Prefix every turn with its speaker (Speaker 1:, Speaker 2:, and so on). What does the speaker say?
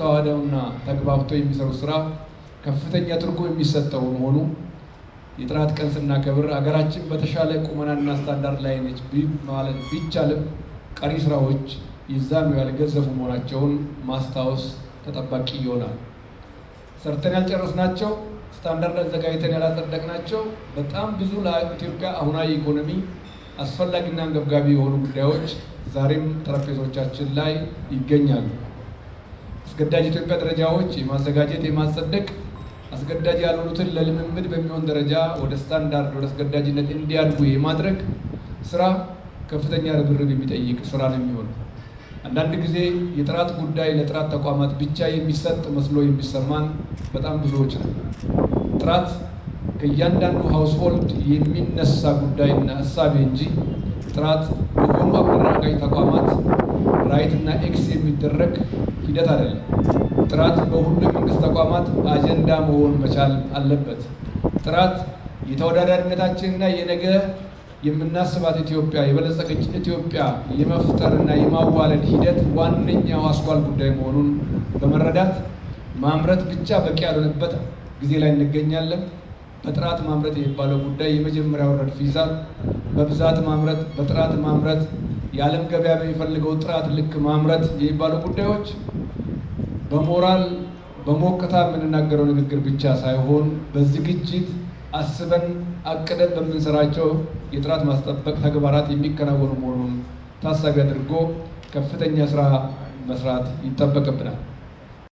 Speaker 1: ተዋህደውና ተግባብተው የሚሰሩ ስራ ከፍተኛ ትርጉም የሚሰጠው መሆኑ የጥራት ቀን ስናከብር ሀገራችን በተሻለ ቁመናና ስታንዳርድ ላይ ነች ማለት ቢቻልም ቀሪ ስራዎች ይዛኑ ያልገዘፉ መሆናቸውን ማስታወስ ተጠባቂ ይሆናል። ሰርተን ያልጨረስናቸው ስታንዳርድ አዘጋጅተን ያላጸደቅናቸው በጣም ብዙ ለኢትዮጵያ አሁናዊ ኢኮኖሚ አስፈላጊና አንገብጋቢ የሆኑ ጉዳዮች ዛሬም ጠረጴዛዎቻችን ላይ ይገኛሉ። አስገዳጅ ኢትዮጵያ ደረጃዎች የማዘጋጀት የማጸደቅ አስገዳጅ ያልሆኑትን ለልምምድ በሚሆን ደረጃ ወደ ስታንዳርድ ወደ አስገዳጅነት እንዲያድጉ የማድረግ ስራ ከፍተኛ ርብርብ የሚጠይቅ ስራ ነው የሚሆነው። አንዳንድ ጊዜ የጥራት ጉዳይ ለጥራት ተቋማት ብቻ የሚሰጥ መስሎ የሚሰማን በጣም ብዙዎች ነው። ጥራት ከእያንዳንዱ ሀውስሆልድ የሚነሳ ጉዳይና እሳቤ እንጂ ጥራት በሆኑ አበራቃይ ተቋማት ራይትና ኤክስ የሚደረግ ሂደት አይደለም። ጥራት በሁሉም የመንግስት ተቋማት አጀንዳ መሆን መቻል አለበት። ጥራት የተወዳዳሪነታችንና የነገ የምናስባት ኢትዮጵያ የበለጸገች ኢትዮጵያ የመፍጠርና የማዋለድ ሂደት ዋነኛው አስኳል ጉዳይ መሆኑን በመረዳት ማምረት ብቻ በቂ ያልሆነበት ጊዜ ላይ እንገኛለን። በጥራት ማምረት የሚባለው ጉዳይ የመጀመሪያው ረድፍ ይዛል። በብዛት ማምረት፣ በጥራት ማምረት የዓለም ገበያ በሚፈልገው ጥራት ልክ ማምረት የሚባሉ ጉዳዮች በሞራል በሞቅታ የምንናገረው ንግግር ብቻ ሳይሆን በዝግጅት አስበን አቅደን በምንሰራቸው የጥራት ማስጠበቅ ተግባራት የሚከናወኑ መሆኑን ታሳቢ አድርጎ ከፍተኛ ስራ መስራት ይጠበቅብናል።